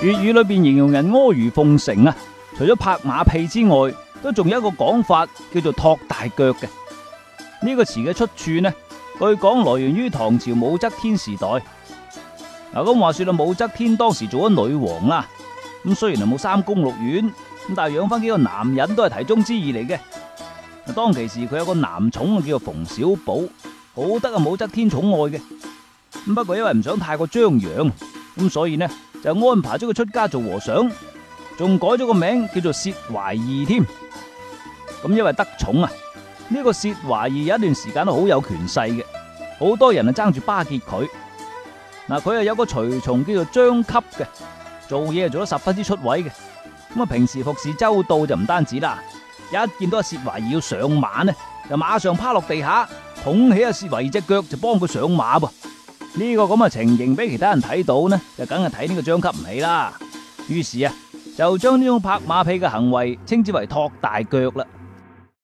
粵語裏邊形容人阿諛奉承啊，除咗拍馬屁之外，都仲有一個講法叫做托大腳嘅。呢個詞嘅出處呢，據講來源於唐朝武則天時代。嗱，咁話說啊，武則天當時做咗女王啦，咁雖然係冇三宮六院，咁但係養翻幾個男人都係題中之義嚟嘅。當其時佢有個男寵叫做馮小寶，好得啊武則天寵愛嘅。咁不過因為唔想太過張揚，咁所以呢，就安排咗佢出家做和尚，仲改咗個名叫做薛懷義添。咁因為得寵啊，呢個薛懷義有一段時間都好有權勢嘅，好多人啊爭住巴結佢。嗱，佢有個隨從叫做張岌嘅，做嘢做得十分之出位嘅。咁啊平時服侍周到就唔單止啦，一見到阿薛懷義要上馬呢，就馬上趴落地下，捧起阿薛懷義隻腳就幫佢上馬噃。呢個咁嘅情形俾其他人睇到呢，就梗係睇呢個張岌唔起啦。於是啊，就將呢種拍馬屁嘅行為稱之為托大腳啦。